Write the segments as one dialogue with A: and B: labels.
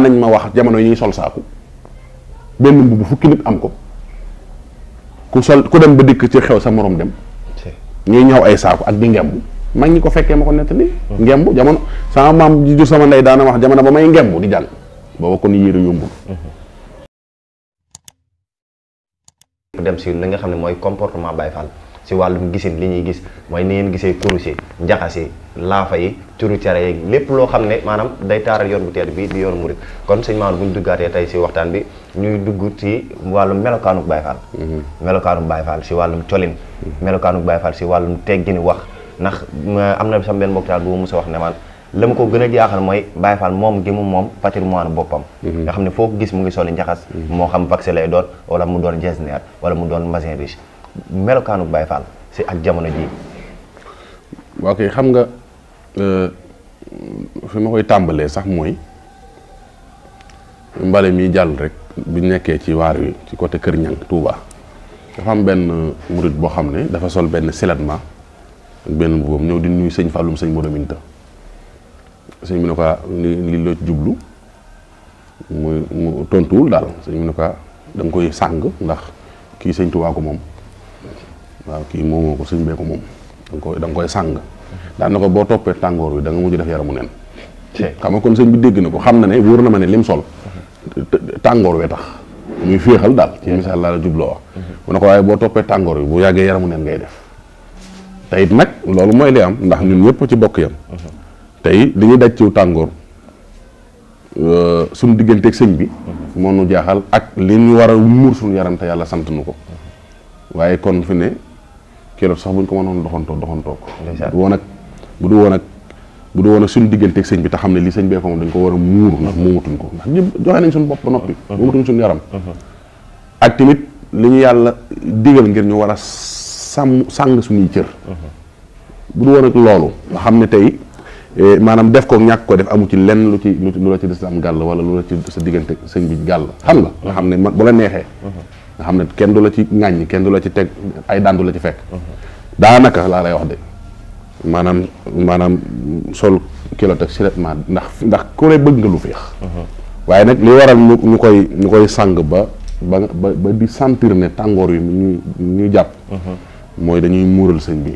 A: nañ ma wax jamono yi sol saaku benn mbubu fukki nit am ko ku sol ku dem ba dik ci xew sa morom dem ñi ñaw ay saaku ak di ngembu mag ñi ko fekke mako net ni ngembu jamono sama maam ji jur sama ndey daana wax jamono ba may ngembu di ba
B: wako ni yere yombu dem ci li nga xam moy comportement bay Fall si walum gisin li gis moy ni ngeen gisee kurus lafai, njaxas yi turu ciara yi lépp ne day taral yoon bu tedd bi di yoon mourid kon seigne Maodo bu ñu tay ci si waxtaan bi ñuy dugg ci wàllum melokanuk Baye Fall melokaanu Baye Fall mm-hmm. si wàllum colin melokanuk Baye Fall si wàllum teggini wax nax amna na sama benn mboktaal bu mu sa wax ne man lam ko gëna jaaxal moy Baye Fall moom gi mu moom patrimoine bopam mm-hmm. nga xamne ne gis mu ngi soli njaxas mm-hmm. mo xam vaccin lay doon wala mu doon jesnier wala mu doon machine riche melokaanu Baye Fall si ak jamono ji waaw kay
A: xam nga euh, fi ma koy tàmbalee sax mooy mbale mi jàll rek bi nekkee ci waar wi ci côté Kër Ñang Touba dafa am benn murit boo xam ne dafa sol benn silatma ak benn boobu ñëw di nuyu sëñ Falloum sëñ Modou sëñ bi ah, jublu mu daal sëñ bi ne ah, da koy sàng ndax ki sëñ Touba moom. waaw kii moomoo ko sëñ bee ko moom da koy da nga koy sàng daan na ko boo toppee tàngoor wi da nga mujj def yaramu nen xam nga kon sëñ bi dégg na ko xam na ne wóor na ma ne lim sol tàngoor wi tax muy féexal daal ci misaal laa la jubloo wax mu ne ko waaye boo toppee tàngoor bi bu yàggee yaramu nen ngay def tey it nag loolu mooy li am ndax ñun ñëpp ci bokk yam tey li ñu daj ciw tàngoor euh, suñu digganteeg sëñ bi moo nu jaaxal ak li ñu war a muur suñu yaram te yàlla sant nu ko waaye kon fi ne keroog sax buñ ko mënoon doxantoo doxantoo ko. bu woon ak bu du woon ak bu du woon ak suñu digganteeg sëñ bi te xam ne lii sëñ bee ko moom dañ ko war a muur ndax moomatuñ ko ñëpp joxe nañ suñu bopp ba noppi. Uh-huh. suñu yaram. Uh-huh. ak tamit li ñu yàlla digal ngir ñu war a sàmm sàng suñuy cër. Uh-huh. bu du woon ak loolu nga xam ne tey. Eh, maanaam def ko ñàkk ko def amu ci lenn lu ci lu la ci des am gàll wala lu la ci sa diggante sëñ bi gàll xam nga nga xam ne bu la neexee nga xamne kenn dula ci ngagn kenn dula ci tek ay daan du la ci da naka la lay wax de manam manam sol kilo teg siretment ndax ndax ko lay bëgg lu fex waye nak li waral ñukoy ñukoy sang ba ba di sentir ne tangor yu ñu ñu japp moy dañuy mural señ bi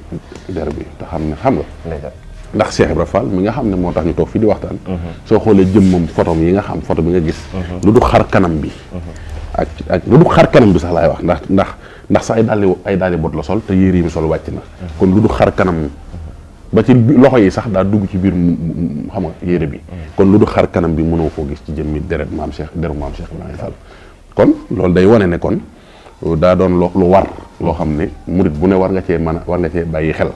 A: der bi ta xamne xam nga ndax Cheikh ibrahim Fall mi nga xamne ne tax ñu tok fi di waxtan mhm. so xolé jëmum photo yi nga xam photo bi nga gis mhm. lu du xar kanam bi mhm. ak ak lu du xar kanam bi sax laay wax ndax ndax ndax sax ay dàlli ay dàlli bot la sol te yére yi mu sol wàcc na kon lu du xar kanam ba ci loxo yi sax daa dugg ci biir mu xam nga yére bi kon lu du xar kanam bi mënoo foo gis ci jëmmi deret maam Cheikh deru maam seex Ibrahima Fall kon loolu day wane ne kon daa doon lu war loo xam ne murit bu ne war nga cee mën war nga cee bàyyi xel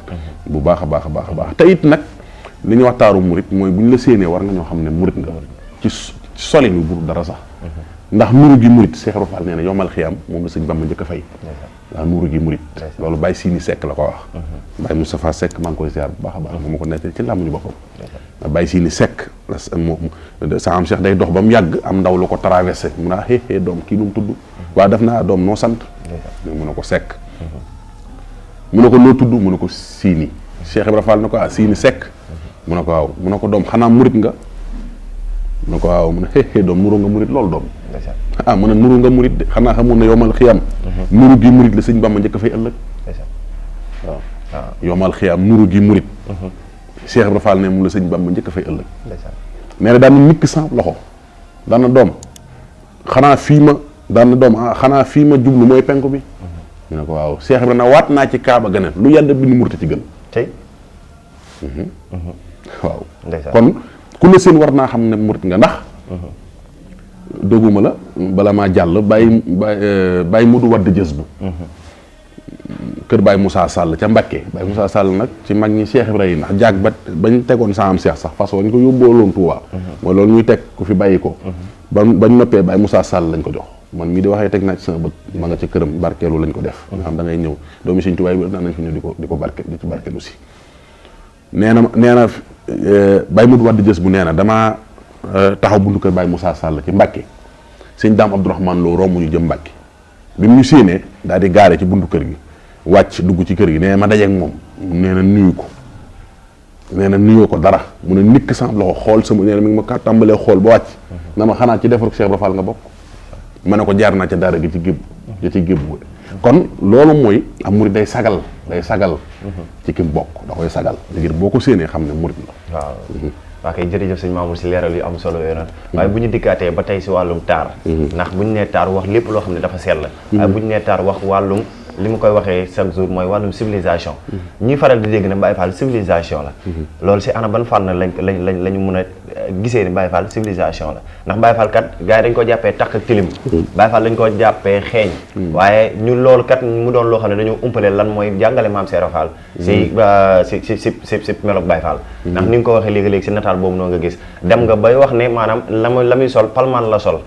A: bu baax a baax a baax a baax te it nag li ñuy wax taaru murit mooy bu la séenee war nga ñoo xam ne murit nga ci solin bi bu dara sax ndax muru gi murit cheikh rofal neena yomal khiyam mom la seug bam ñëk fay ndax muru gi lolou bay sini sek la ko wax mhm. bay mustafa sek mang koy ziar bu baakha baax mako netti ci lamu ñu bokkum bay sini sek sa am cheikh day dox bam yag am ndaw lu ko traverser muna ah, he he dom ki num tuddu mhm. wa dom no sant muna ko sek muna mhm. ko no tuddu muna ko sini cheikh ibrahim fall nako ah, sini sek muna ko waaw muna ko dom xana murit nga mu nako waaw muna he he dom muru nga murit lol dom ah mo ne nuru nga murit xana xanaa xamoon yowmal khiyam mhm. nuru gi murit la seigne bamba njëkk fay ëllëg waaw ah. yowmal khiyam nuru gi murit mhm. cheikh ibra fall ne mo la seigne bamba njëkk fay ëllëg nee na daan nik nikk sans loxo dan dom xana xanaa fii ma daan na doom ah ma jublu mooy penku bi mhm. ñu ne ko waaw cheikh ibra na waat naa ci kaaba gënal lu yalla bind murta ci gën tey waaw kon ku ne seen war na xam ne murit nga ndax doguma la bala maa jàll bàyyi bàyyi euh, mudu wadd jës bu kër Baye Moussa Sall ca Mbakke Baye Moussa Sall nag ci mag ñi Cheikh Ibrahima ndax jaag ba bañ tegoon saa am Cheikh sax façon ñu ko yóbbooloon Touba. mooy loolu ñuy teg ku fi bàyyi ko. ba bañ noppee Baye Moussa Sall lañ ko jox man mii di waxee teg naa ci sama bët ma nga ca këram barkeelu lañ ko def. nga xam da ngay ñëw doomi Sëñ Tuubaa bi daan nañ fi ñëw di ko di ko barke di barkeelu si. nee na nee na euh, Baye Moudou jës bu nee na Eh, taxaw bundu kër Baye Moussa Sall ci mbacké seigne Dame abdourahman Lo romu ñu jëm mbacké bi mu séné daal di gaare ci buntu kër gi wacc dugg ci kër gi né ma dajeeg moom nee na nuyu ko nee na nuyoo ko dara mu né nik sama loxo xol sama nee mi ngi ma ka tambalé xol ba wacc na ma xana ci ko Cheikh Rafal nga bok ma ne ko jaar na ci dara gi ci gébb ja ci gébb kon lolu moy am mourid day sagal day sagal mhm. ci kim bok da koy sagal ngir boko ko séenee mourid
B: la waaw mhm. waa kay jërëjëf sëñ Mamour si leeral yu am solo yooyu noonu mhm. waaye bu ñu dikkaatee ba tey si wàllum taar mhm. ndax bu ñu nee taar wax lépp loo xam ne dafa sell mhm. waaye bu ñu nee taar wax wàllum li mu koy waxee chaque jour mooy wàllum civilisation ñuy faral di dégg ne Baye Fall civilisation la loolu si ana ban fànn lañ lañ lañ lañu mën a gisee ni Baye Fall civilisation la ndax Baye Fall kat gars yi dañ ko jàppee takk ak tilim Baye Fall dañ koo jàppee xeeñ waaye ñu loolu kat mu doon loo xam ne dañoo umpale lan mooy jàngale maam Seero Fall euh, si si si si si ndax ni nga ko waxee léegi-léegi si nataal boobu noonu nga gis dem nga bay wax ne maanaam la mu la muy sol palmaan la sol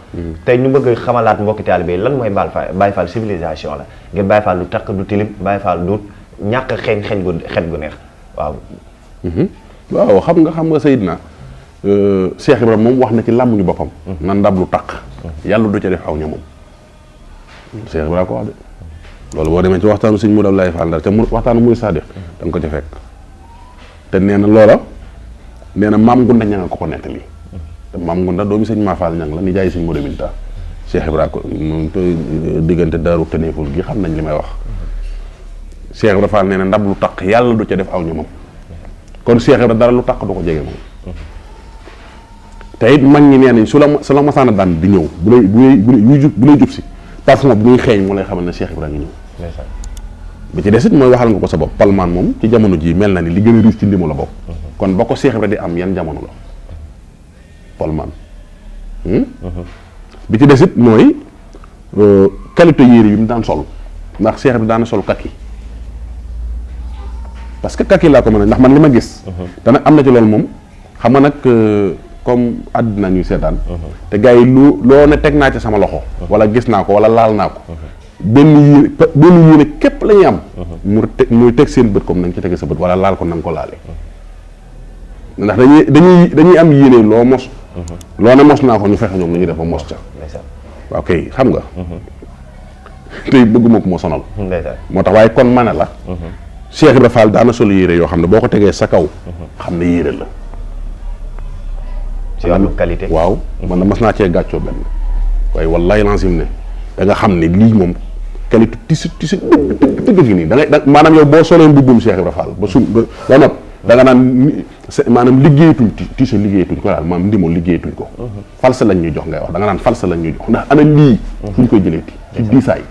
B: te ñu bëgg xamalaat mbokki taalibe yi lan mooy Baye Fall Baye Fall civilisation la ngir Baye Fall du takk du tilim Baye Fall du ñàkk xeeñ xeeñ gu xet gu neex waaw
A: mhm. waaw xam Euh, cheikh ibrahim mom wah na ci làmmuñu boppam mm-hmm. nan ndab lu taq mm-hmm. yàlla du ca def xaw ña moom cheikh ibrahim ko wax de loolu boo demee ci waxtaanu sëñ mu dab fandar faal dara te mu waxtaanu muy sadiq da mm-hmm. dan ko ca fekk te nee na loola nee na maam gunda ña nga ko ko nettali te maam gunda doomi sëñ maafaal ñang la ni jaay sëñ mu minta cheikh ibrahim ko moom euh, diggante daaru teneeful gi xam nañ li may wax cheikh ibrahim faal nee na ndab lu taq yàlla du ca def aw ña kon cheikh ibrahim dara lu taq du ko jege moom tayit mag ñi nee su la su la masaana daan di ñëw bu lay bu lay bu lay bu lay mo si parfum bu ñuy xeeñ mo lay xamal na Cheikh ibrahim ñëw
B: bi ci dessit moy waxal
A: nga ko sa bop palman mom ci jamono ji mel na ni li gëna a ci ndimu la bok mhm. kon bako Cheikh ibrahim di am yan jamono la hmm mhm. bi ci moy euh qualité yére yi mu daan sol ndax Cheikh ibrahim daana sol kaki parce que kaki la ko mëna ndax man lima gis dana mhm. am na ci lool mom xam nga euh, comme àddina ñu seetaan. Uh-huh. te gars yi lu loo ne teg naa ci sama loxo. Uh-huh. wala gis naa ko wala laal naa ko. Uh-huh. benn yéene benn yéene képp lañuy am. mu muy teg seen bët comme na nga ci tege sa bët wala laal ko na ko laale. ndax dañuy dañuy dañuy am yéene loo mos. loo ne mos naa ko ñu fexe ñoom nañu def ba mos ca. xam nga. tey bëgguma ko moo sonal. moo tax waaye kon ma ne la. Cheikh Ibra Fall daana sol yére yoo xam ne boo ko tegee sa kaw. xam ne yére la. ci walu qualité waaw man na mas ci gatcho ben way wallahi lancim ne da nga xam li mom qualité tissu tissu
B: deug
A: dëgg gi nii da nga manam yow boo solee mbubbum Cheikh ibrahim Fall ba sun da nga da nga naan maanaam liggéeyatuñ tissu liggéeyatuñ ko dal manam ndimo liggeetul ko mhm. falsa lañ ñu jox ngay wax da nga nan falsa lañ ñu jox ndax ana li mhm. fuñ ñu koy jëleeti ci mhm. diisaay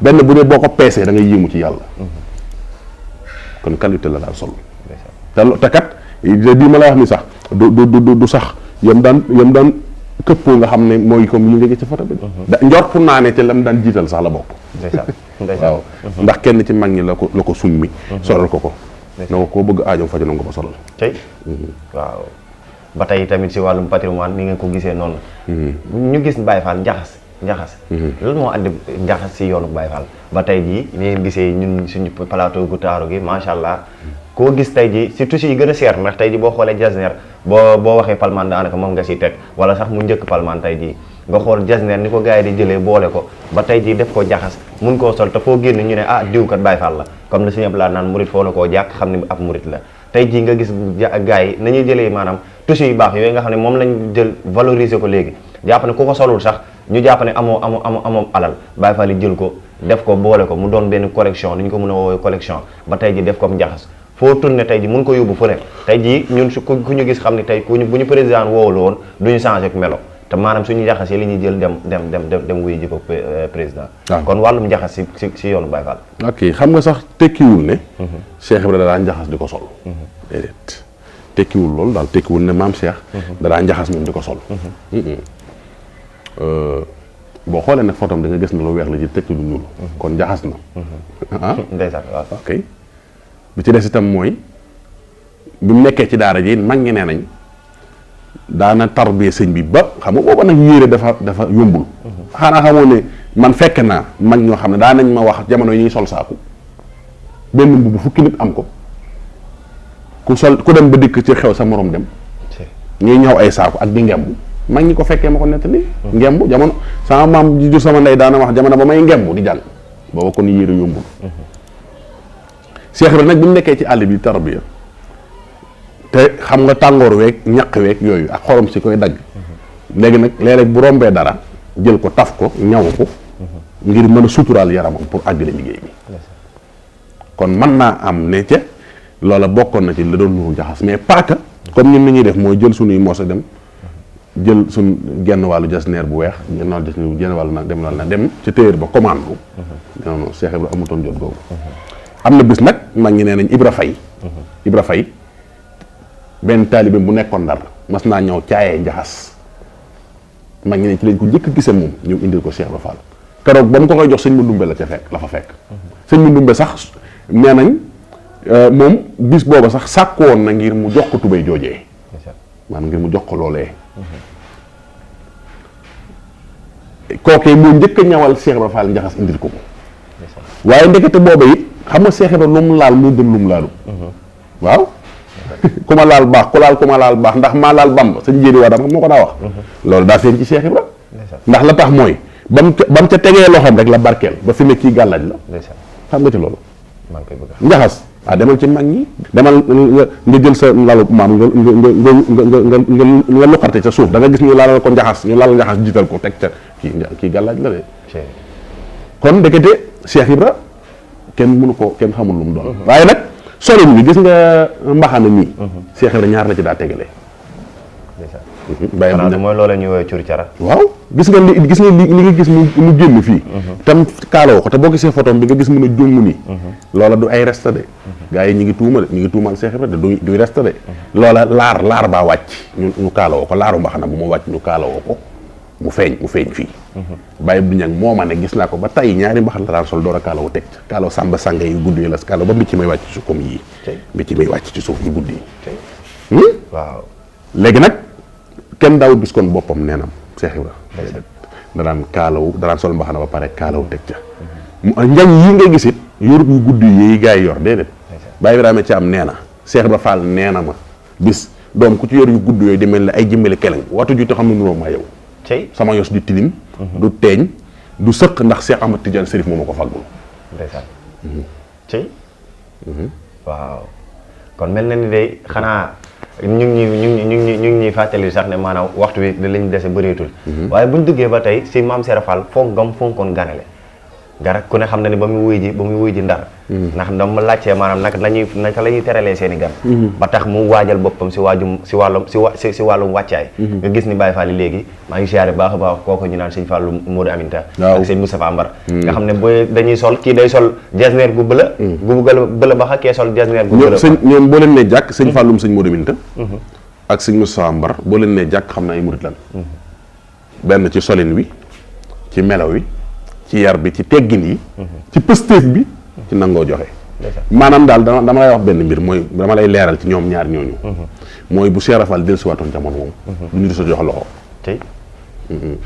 A: ben bu ne boko ko da nga yéemu ci yalla kon qualité la daal sol ta kat di ma la wax ni sax du du du du sax yam daan yam daan këppoo nga xam ne mooy comme yi nga gis ci photo bi mhm. njortu naa ne te lam daan jiital sax la bokk waaw mhm. ndax kenn ci mag ñi la ko la ko summi mhm. solal ko ko na ko koo bëgg aajo faju na nga ko solal
B: tey waaw ba tey tamit si wàllum patrimoine ni ngeen ko gisee noonu ñu gis Baye Fall njaxas njaxas lan moo andi njaxas si yoonu Baye Fall ba tey jii ni gisee ñun suñu plateau gu taaru gi macha allah koo gis tey ji si tissu yi gën a seer ndax tey ji boo xoolee jasner boo boo waxee palmaan daanaka moom nga si teg wala sax mu njëkk palmaan tey jii nga xool jasner ni ko gars yi di jëlee boole ko ba tey ji def ko jaxas mun koo sol te foo génn ñu ne ah diw kat Baay la comme la suñu laa naan murit foo na koo jàkk xam ne ab murit la tey jii nga gis gars yi nañuy jëlee maanaam tissu yu baax yooyu nga xam ne moom lañ jël valoriser ko léegi jàpp ne ku ko solul sax ñu jàpp ne amoo amoo amoo amoo alal Baay Faal jël ko def ko boole ko mu doon benn collection ni ñu ko mën a woowee collection ba tey ji def ko am jaxas foo tourné tey ji mun ko yóbbu fu ne tey ji ñun su ku ñu gis xam ne tey ku ñu bu ñu président woowul woon du ñu changé melo te maanaam suñu jaxasee li ñuy jël dem dem dem dem wuyu ji ko euh, président. kon wàllum jaxas si si si yoonu Baye Fall.
A: ok xam nga sax tekkiwul ne. Mhm.
B: Cheikh Ibrahima la jaxas di ko sol. Mhm.
A: déedéet loolu daal tekkiwul maam Cheikh. Mhm. daan jaxas moom di ko sol. Euh, boo xoolee nag fotom da nga gis ne lu weex la ji tekki lu kon jaxas na. Ah? ndeysaan waaw bi ci dess itam moy bi mu nekkee ci daara ji mag ngi nenañ nañ daana tarbi señ bi ba xam nga bobu nak yéré dafa dafa yombul xana xamone man fekk na mag ñoo xamne ne nañ ma wax jamono yi sol saaku benn bu fukki nit am ko ku sol ku dem ba dikk ci xew sa morom dem ñi ñaw ay saaku ak di mag ñi ko mako net ni jamono sama mam ji jur sama ndey daana wax jamono ba may di ko ni yéré yombul Cheikh Ibrahima nag bi nekkee ci àll bi tarbiya te xam nga tàngoor week ñaq week yooyu ak xorom si koy dagg léegi nag léeg bu rombee dara jël ko taf ko ñaw ko ngir mën a suturaal yaramam pour àggale liggéey bi kon mën naa am ne ca loola bokkoon na ci la doon nuru jaxas mais pas que comme ñun ni ñuy def mooy jël suñuy mos a dem jël sunu genn wàllu jasneer bu weex genn wàllu jasneer bu genn wàllu nag dem loolu na dem ca téer ba commande bu mhm. non non Cheikh am na bis nag mag ngi nee nañ Ibra Faye Ibra Faye benn taalibe bu nekkoon ndar mas naa ñëw caayee njaxas mag ngi ne ci lañ ko njëkk gisee moom ñëw indil ko Cheikh Ibra Fall keroog ba mu ko koy jox sëñ mu ndumbe la ca fekk sëñ mu ndumbe sax nee nañ euh, moom bis booba sax sàkk woon na ngir mu jox ko tubay joojee maanaam ngir mu jox ko loolee kookee moo njëkk ñawal Cheikh Ibra Fall njaxas indil ko ko waaye ndekete booba it xam nga seex lum laal mo gën lu mu laalu waaw kuma laal bax ku laal kuma laal bax ndax ma laal bam sañ jéeri wa dama moko da wax loolu da seen ci seex ibra ndax la tax moy bam bam ca tegee loxam rek la barkel ba fi ne kii gàllaaj la xam nga ci loolu njaxas a ah, demal ci mag ñi demal nga jël sa laalu mam nga nga nga nga nga nga nga luxarte ca suuf da nga gis ñu laal ko njaxas ñu laalal njaxas jital ko tek ca ki kii gàllaaj la de kon dekete Cheikh Ibra kenn mënu ko kenn xamul lu mu doon uh-huh. waaye nag solo bi gis nga uh, mbaxana mii Cheikh uh-huh. Ibra ñaar la ci daa tegale mhm. bàyyi xanaa mooy loola ñuy woowee cur cara waaw gis nga li gis nga li li nga gis mu génn fii uh-huh. tam kaaloo ko te boo gisee photom bi nga gis mun a jóngu nii loola du ay resta de gars yi ñu ngi tuuma de ñu ngi tuumal Cheikh Ibra de du duy resta de loola laar laar baa wàcc ñu ñu ko laaru mbaxana bu ma wàcc ñu kaaloo ko mu feeñ mu feeñ fii bàyyi bu ñag moo ma ne gis naa ko ba tay ñaari mbaxal la daan sol door a kaalawu teg kaalaw sàmba sànga yu gudd yi la kaalaw ba mbicc may wàcc ci comme yii mbicc may wàcc ci suuf hmm? waaw léegi nag kenn daawut gis kon boppam neenam Cheikh Ibrahima danaan kaalawu danaan sol mbaxana ba pare kaalawu teg ca njañ yi ngay gisit yorut gudd yi yi yor déedéet Baye Ibrahima ci am nee na Cheikh Ibrahima Fall nee na ma bis doom ku ci yor yu gudd yooyu demee mel ay jëmmali keleng watu ju te xam ne nuroo maa yow sama yos du tilim mhm. du teeñ du sëq ndax Cheikh Ahmad Tidiane Serif moo ma ko fàggul
B: ndeysaan cey mhm. mhm. waaw kon mel na ni day xanaa ñu ngi ñu ngi ñu ngi ñu ngi ñuy fàttali sax ne maanaam waxtu wi lañ dese bëreetul waaye buñ duggee ba tey si maam Serap Fall foog gam fonkoon ganale garab ku ne xamna ni bamuy wuyji bamuy wuyji ndar nak hmm. ndam ma laajtee maanaam naka lañuy nak lañuy ñuy teralee gam hmm. ba tax mu wajal bopam ci wajum ci walum ci ci walum waccay hmm. nga gis ni Baye Fall léegi ma ngi siyaare baax baax koko ñu naan seigne Fallu Modou Aminta ak seigne moussa ambar nga xam boy dañuy sol ki day sol jasneer gu bëla gu bëggal bëla baxa kee sol jasneer gu bëla seigne ñom
A: bo leen ne jak seigne fallu seigne Modou Aminta ak seigne moussa ambar bo leen ne jak xamna ay murit lan ben ci solin wi ci melaw wi ci yar bi ci teggin yi mhm. ci pëstéef bi ci nangoo joxe maanaam daal dama dama lay wax benn mbir mooy dama lay leeral ci ñoom ñaari ñooñu mhm. mooy bu seerafal del siwaatoon jamono moom
B: mhm. du ñu di sa jox loxo tey
A: du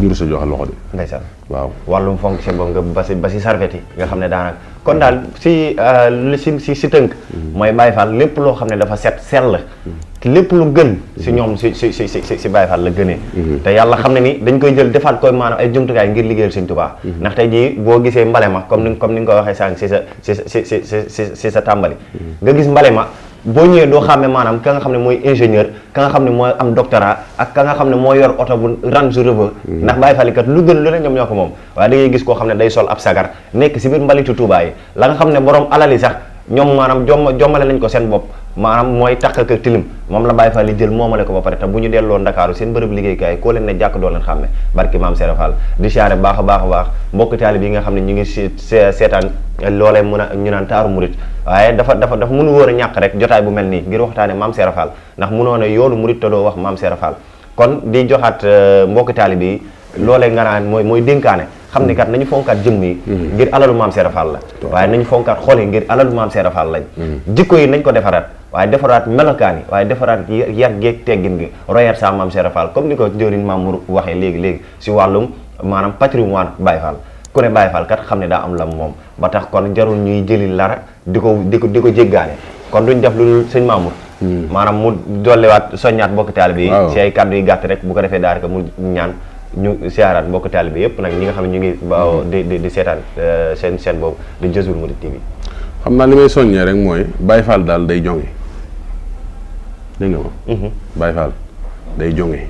A: ñu di sa jox loxo de ndeysaan
B: waaw wàllum fonction boobu nga basi ba si sarfet yi nga xam ne daanaka kon daal si euh, si si si tënk mm-hmm. mooy Baye Fall lépp loo xam ne dafa set sell mm-hmm. lépp lu gën si mhm. ñoom si si si si si Baye la gënee mhm. te yàlla xam ne ni dañ koy jël defaat koy maanaam ay jumtukaay ngir liggéeyal Sëñ Tuubaa mhm. ndax tey jii boo gisee mbale ma comme ni nga ko waxee sànq si sa si sa tàmbali nga gis mbale ma boo ñëwee doo xàmmee maanaam ka nga xam ne mooy ingénieur ka nga xam ne mooy am doctorat ak ka nga xam ne moo yor oto bu Range Rover ndax Baye Fall kat lu gën lu ne ñoom ñoo ko moom waaye da gis koo xam ne day sol ab sagar nekk si biir mbalitu Tuubaa yi la nga xam ne borom alali sax ñoom maanaam jomm jommale nañ ko seen bopp maanaam mooy takk ak tilim moom la Baye Fall li jël moomale ko ba pare te bu ñu delloo Ndakaaru seen bërëb liggéeykaay koo leen ne jàkk doo leen xàmme barki maam Serap Fall di siyaare baax a baax baax mbokk taalib yi nga xam ne ñu ngi seetaan loolee mun a ñu naan taaru murit waaye dafa dafa dafa mun wóor a ñàkk rek jotaay bu mel nii ngir waxtaane maam Serap Fall ndax mënoo ne yoonu murit te doo wax maam Serap Fall kon di joxaat euh, mbokk taalib yi loolee nga naan mooy mooy dénkaane xam ni kat nañu fonkaat jëmm yi ngir alalu maam Serap Fall la waaye nañu fonkaat xool yi ngir alalu maam Serap Fall lañ mm. yi nañ ko defaraat waaye defaraat melokaan yi waaye defaraat yar geeg teggin gi royaat sa maam Cheikh Fall comme ni ko jëriñ Mamour waxee léegi léegi si wàllum maanaam patrimoine Baye Fall ku ne Baye Fall kat xam ne daa am lam moom ba tax kon jarul ñuy jëli lara di ko di ko di ko jéggaane kon duñ def lu sëñ Mamour hmm. maanaam mu dolliwaat soññaat mbokk taalibe yi si ay kàddu gàtt rek bu ko defee daal mu ñaan ñu siyaaraat mbokk taalibe yépp nag ñi nga xam ne ñu ngi ba hmm. di di eh, seen seen boobu di Jazboul Mouride
A: xam naa li may soññee rek mooy Baye Fall daal day jonge dégg nga ma. Mhm. Baye Fall day jonge.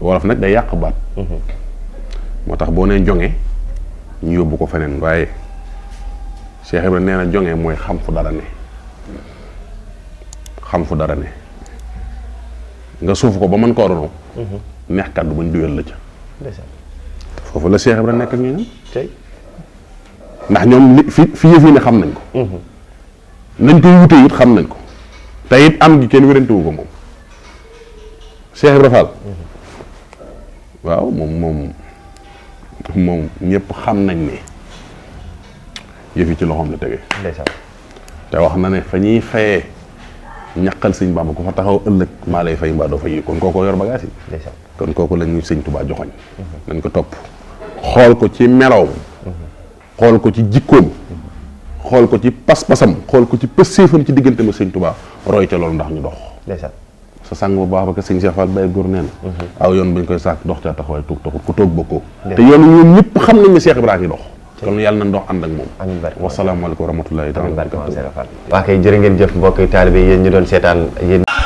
A: wolof nag day yàq baat. Mhm. moo tax boo nee jonge ñu yóbbu ko feneen waaye Cheikh Ibrahima nee na jonge mooy xam fu dara ne. ne nga suuf ko ba mën ko ronu. Mhm. neex kàddu bañ duyal la ca. foofu la Cheikh Ibrahima nekk ak ñoom. ndax ñoom li fi fi yëf xam nañ ko. nañ koy wutee it xam nañ ko. tayit am gi ken wérante wu ko mom Cheikh rafal waaw mom mom mom ñepp xam nañ ne yëf ci loxom la tege te wax na ne fa ñuy fayee ñaqal sëñ Bamba fa taxaw ëlëk ma lay fay mbaa fay kon koko yor bagage yi kon koko la ñu sëñ Tuubaa joxoñ mhm. nañ ko top xol ko ci melaw mhm. xol ko ci jikko xool ko ci pas-pasam xool ko ci pëseefam ci diggante ma sëñ Tuubaa roy ca loolu ndax ñu dox sa sang bu baax ba ko sëñ Cheikh Fall Baye Góor nee mhm. aw yoon bañ koy sàkk dox caa taxawaay tuug taxut ku toog bokkoo te yoon ñoom ñëpp xam nañ ne Cheikh Ibrahima ngi dox kon yàlla nañ dox ànd ak moom
B: waa kay jërë ngeen jëf mbokk taalibe yéen ñu doon seetaan yéen